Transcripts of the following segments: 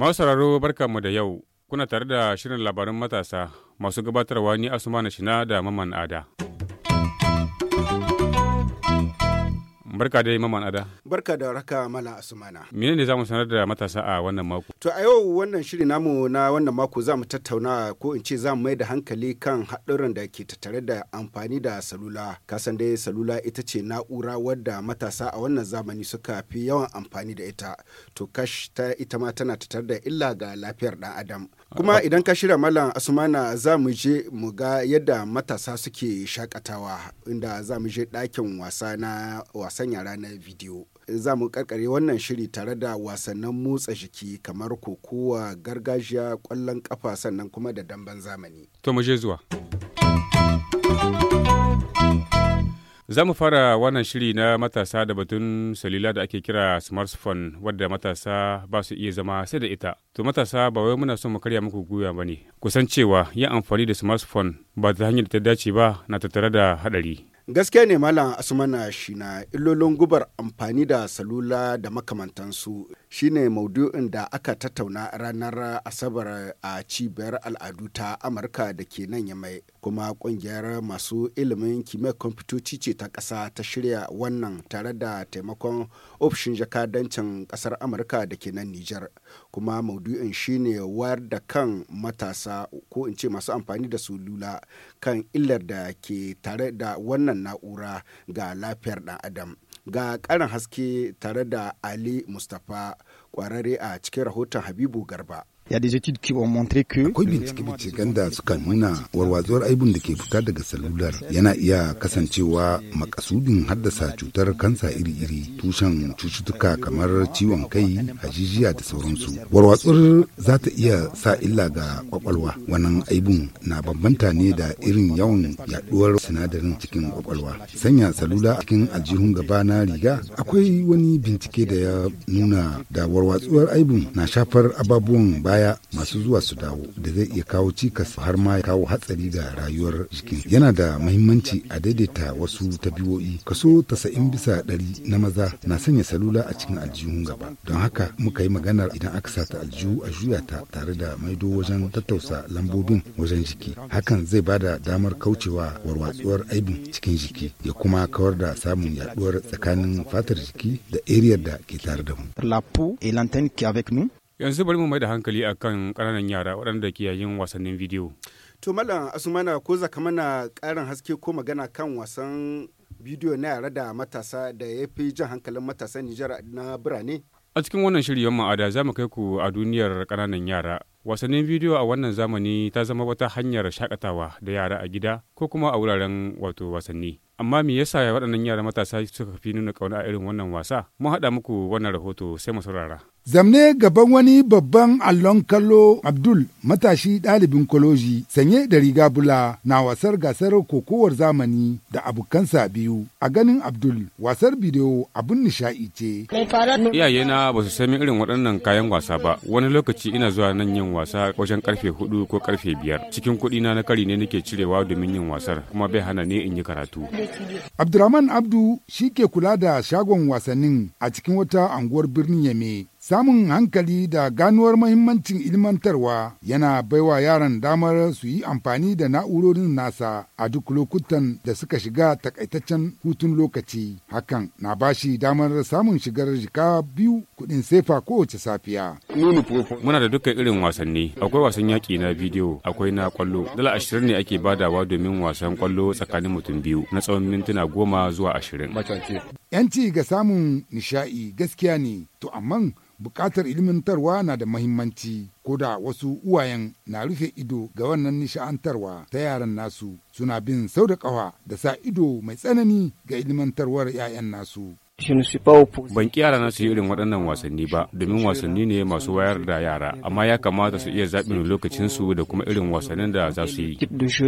Masu sauraro mu da yau, kuna tare da shirin labarin matasa masu gabatarwa ni Asuma na Shina da Maman Ada. Barka da Maman Ada. Barka da raka Mala Asumana. Mene ne zamu sanar da matasa a wannan mako? To a yau wannan shiri namu na wannan mako zamu tattauna ko in ce zamu mai da hankali kan haɗurran da ke tattare da amfani da salula. Kasan dai salula ita ce na'ura wadda matasa a wannan zamani suka fi yawan amfani da ita. To kash ta ita ma tana tattare da illa ga lafiyar ɗan adam. Kuma ah, ah. idan ka shirya Malam Asumana za mu je mu ga yadda matasa suke shakatawa inda za mu je ɗakin wasa na wasan sanya ranar bidiyo. Za mu karkare wannan shiri tare da wasannin motsa jiki kamar kokowa, gargajiya, kwallon kafa sannan kuma da damben zamani. To mu je zuwa. Za mu fara wannan shiri na matasa da batun salila da ake kira smartphone wadda matasa ba su iya zama sai da ita. To matasa ba wai muna son mu karya muku gwiwa ba ne. Kusan cewa yin amfani da smartphone ba ta hanyar da ta dace ba na tattare da haɗari. gaskiya ne malam asumana shi na illolin gubar amfani da salula da makamantansu shine maudu'in da aka tattauna ranar asabar a cibiyar al'adu ta amurka da ke nan mai kuma kungiyar masu ilimin kimiyyar kwamfutoci ce ta ƙasa ta shirya wannan tare da taimakon ofishin jakadancin ƙasar amurka da ke nan nijar kuma maudu'in shine wayar da kan matasa ko in ce masu amfani da sulula kan illar da ke tare da wannan na'ura ga lafiyar ɗan adam ga karin haske tare da ali mustapha kwarare a cikin rahoton habibu garba ya des études qui ont montré que akwai bincike-binciken da suka nuna warwatsuwar aibun da ke fita daga salular yana iya kasancewa makasudin haddasa cutar kansa iri-iri tushen cututtuka kamar ciwon kai hajijiya da sauransu warwatsuwar za ta iya sa illa ga kwakwalwa wannan aibun na bambanta ne da irin yawan yaduwar sinadarin cikin kwakwalwa sanya salula cikin aljihun gaba na riga akwai wani bincike da ya nuna da warwatsuwar aibun na shafar ababuwan baya baya masu zuwa su dawo da zai iya kawo cikas har ma ya kawo hatsari ga rayuwar jiki. yana da mahimmanci a daidaita wasu tabiwoyi kaso tasa'in bisa ɗari na maza na sanya salula a cikin aljihun gaba don haka muka yi maganar idan aka sata aljihu a juya ta tare da maido wajen tattausa lambobin wajen jiki hakan zai ba da damar kaucewa warwatsuwar aibin cikin jiki ya kuma kawar da samun yaduwar tsakanin fatar jiki da eriyar da ke tare da mu. yanzu bari mu mai da hankali akan ƙananan yara waɗanda ke yayin wasannin bidiyo to malam asumana ko zaka mana ƙarin haske ko magana kan wasan bidiyo na yara da matasa da ya fi jan hankalin matasa nijar na birane a cikin wannan shirin ma'ada za mu kai ku a duniyar ƙananan yara wasannin bidiyo a wannan zamani ta zama wata hanyar shakatawa da yara a gida ko kuma a wuraren wato wasanni amma me yasa waɗannan yara matasa suka fi nuna ƙauna a irin wannan wasa mun haɗa muku wannan rahoto sai mu saurara Zamne gaban wani babban allon kallo Abdul matashi ɗalibin koloji sanye da riga bula na wasar gasar kokowar zamani da abokansa biyu. A ganin Abdul wasar bidiyo abun nishaɗi ce. Iyayena ba su sami irin waɗannan kayan wasa ba. Wani lokaci ina zuwa nan yin wasa wajen karfe hudu ko karfe biyar. Cikin kuɗi na na kari ne nake cirewa domin yin wasar kuma bai hana ne in yi karatu. Abdurrahman Abdu shi ke kula da shagon wasannin a cikin wata anguwar birnin Yame. Samun hankali da ganuwar mahimmancin ilmantarwa yana baiwa yaran damar su yi amfani da na'urorin nasa a duk lokutan da suka shiga takaitaccen hutun lokaci. Hakan na bashi damar samun shigar jika biyu kuɗin sefa kowace safiya. Muna da dukkan irin wasanni, akwai wasan yaƙi na bidiyo, akwai na kwallo. Dala ashirin ne ake badawa domin wasan kwallo tsakanin mutum biyu na tsawon mintuna goma zuwa ashirin. 'Yanci ga samun nisha'i gaskiya ne, to amma buƙatar ilmantarwa na da mahimmanci ko da wasu uwayen na rufe ido ga wannan nisha'antarwa ta yaran nasu suna bin sau da ƙafa da sa ido mai tsanani ga ilmantarwar 'ya'yan nasu Ban kiyara na su yi irin waɗannan wasanni ba, domin wasanni ne masu wayar da yara, amma ya kamata su iya zaɓin lokacinsu da kuma irin wasannin da za su yi.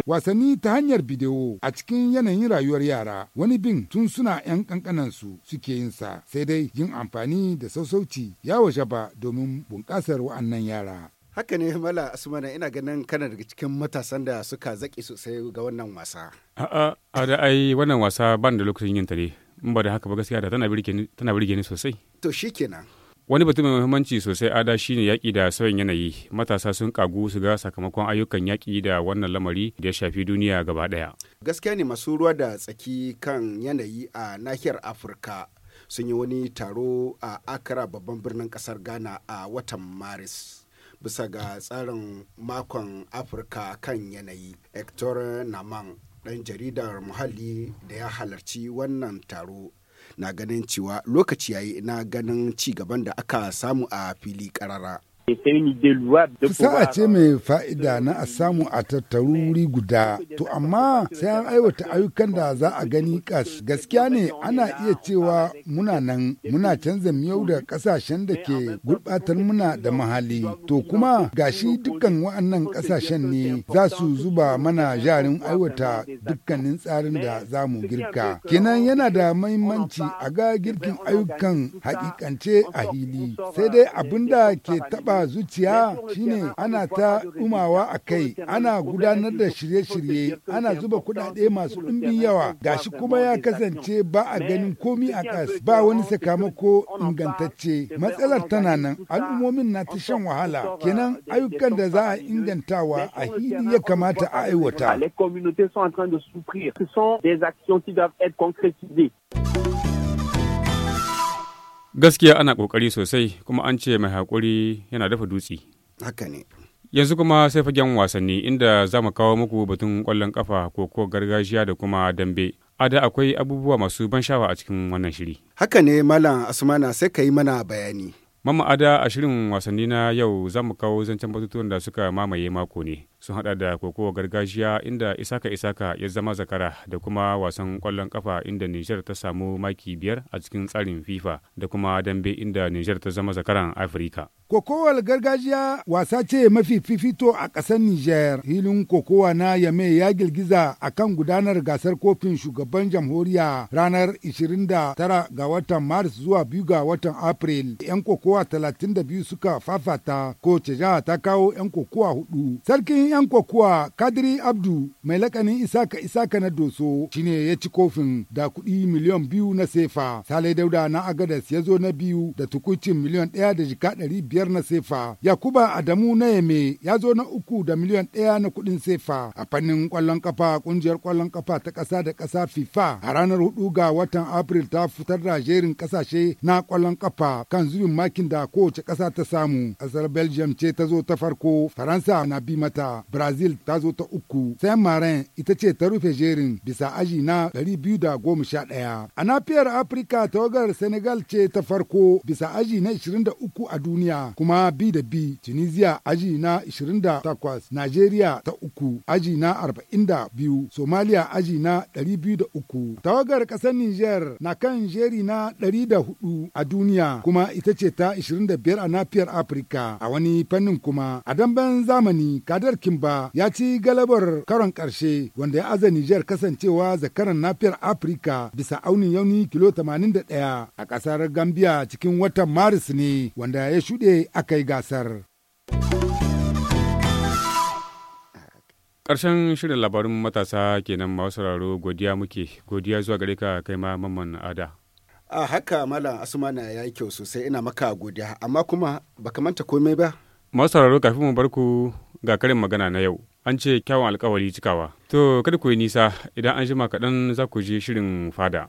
Wasanni ta hanyar bidiyo a cikin yanayin rayuwar yara, wani bin tun suna 'yan ƙanƙanan su suke yin sa, sai dai yin amfani da sassauci ya waje ba domin bunƙasar wa'annan yara. haka ne mala asmana ina ganin kana daga cikin matasan da suka zaƙi sosai ga wannan wasa a'a a da ai wannan wasa ban da lokacin yin ta in ba da haka ba gaskiya da tana birge ni sosai to kenan wani batu mai muhimmanci sosai ada ne yaƙi da sauyin yanayi matasa sun kagu su ga sakamakon ayyukan yaƙi da wannan lamari da ya shafi duniya gaba ɗaya gaskiya ne masu ruwa da tsaki kan yanayi a nahiyar afirka sun yi wani taro a akara babban birnin ƙasar ghana a watan maris bisa ga tsarin makon afirka kan yanayi hector naman ɗan jaridar muhalli da ya halarci wannan taro na ganin cewa lokaci yayi na ganin ci gaban da aka samu a fili ƙarara. Fasaha ce mai fa'ida na a samu a tattaru wuri guda, to amma sai an aiwata ayyukan da za a gani kas. Gaskiya ne ana iya cewa muna nan muna canza miyau da ƙasashen da ke gurɓatar muna da mahali. To kuma gashi dukkan wa'annan ƙasashen ne za su zuba mana jarin aiwata dukkanin tsarin da za mu girka. Kenan yana da mahimmanci a ga girkin ayyukan hakikance a hili. Sai dai abin ke taɓa a zuciya shine ana ta umawa a kai, ana gudanar da shirye-shirye, ana zuba kudade masu ɗumbin yawa, gashi kuma ya kasance ba a ganin komi a ƙas, ba wani sakamako ingantacce. Matsalar tana nan, al'ummomin na ta shan wahala, kenan ayyukan da za a ingantawa a hili ya kamata a aiwata. Gaskiya ana ƙoƙari sosai kuma an ce mai haƙuri yana dafa dutse. Haka ne. Yanzu kuma sai fagen wasanni inda za mu kawo muku batun ƙwallon ƙafa ko gargajiya da kuma dambe. ada akwai abubuwa masu ban sha'awa a cikin wannan shiri. Haka ne Malam Asmana sai ka yi mana bayani. Mama Ada a shirin wasanni na yau za mu kawo zancen batutuwan da suka mamaye mako ne. sun hada da kokowa gargajiya inda isaka isaka ya zama zakara da kuma wasan kwallon kafa inda niger ta samu maki biyar a cikin tsarin fifa da kuma dambe inda niger ta zama zakaran afirka kokowar gargajiya wasa ce mafi fifito a ƙasar niger hilin kokowa na yame ya girgiza a kan gudanar gasar kofin shugaban jamhuriya ranar 29 ga watan maris zuwa 2 ga watan april 'yan kokowa 32 suka fafata ko jiha ta kawo 'yan kokowa hudu sarkin 'yan kokuwa Kadiri Abdu mai lakanin Isaka Isaka na Doso shine ya ci kofin da kuɗi miliyan biyu na sefa. Sale Dauda na Agadas ya zo na biyu da tukucin miliyan ɗaya da jika ɗari biyar na sefa. Yakuba Adamu na yame ya zo na uku da miliyan ɗaya na kuɗin sefa. A fannin ƙwallon kafa ƙungiyar ƙwallon kafa ta ƙasa da ƙasa FIFA a ranar hudu ga watan Afril ta fitar da jerin ƙasashe na ƙwallon kafa kan zubin makin da kowace ƙasa ta samu. Ƙasar Belgium ce ta zo ta farko Faransa na bi mata brazil ta zo ta uku saint marin ita ce ta rufe jerin bisa aji na 211 a nafiyar afirka tawagar senegal ce ta farko bisa aji na 23 a duniya kuma b da b tunisia aji na 28 nigeria ta uku aji na 42 somalia aji na 203 tawagar kasar niger na kan jeri na 104 a duniya kuma ita ce ta 25 a nafiyar afirka a wani fannin kuma a damben zamani kadar kim yankin ba ya ci galabar karon ƙarshe wanda ya aza Nijar kasancewa zakaran nafiyar Afirka bisa aunin yauni kilo 81 a ƙasar Gambia cikin watan Maris ne wanda ya shuɗe aka yi gasar. Ƙarshen shirin labarin matasa kenan masu sauraro godiya muke godiya zuwa gare ka kai ma mamman ada. a haka malam asumana ya yi kyau sosai ina maka godiya amma kuma baka manta komai ba masauraro kafin mu bar ku ga karin magana na yau an ce kyawun alkawari cikawa to kada ku yi nisa idan an jima kaɗan za ku je shirin fada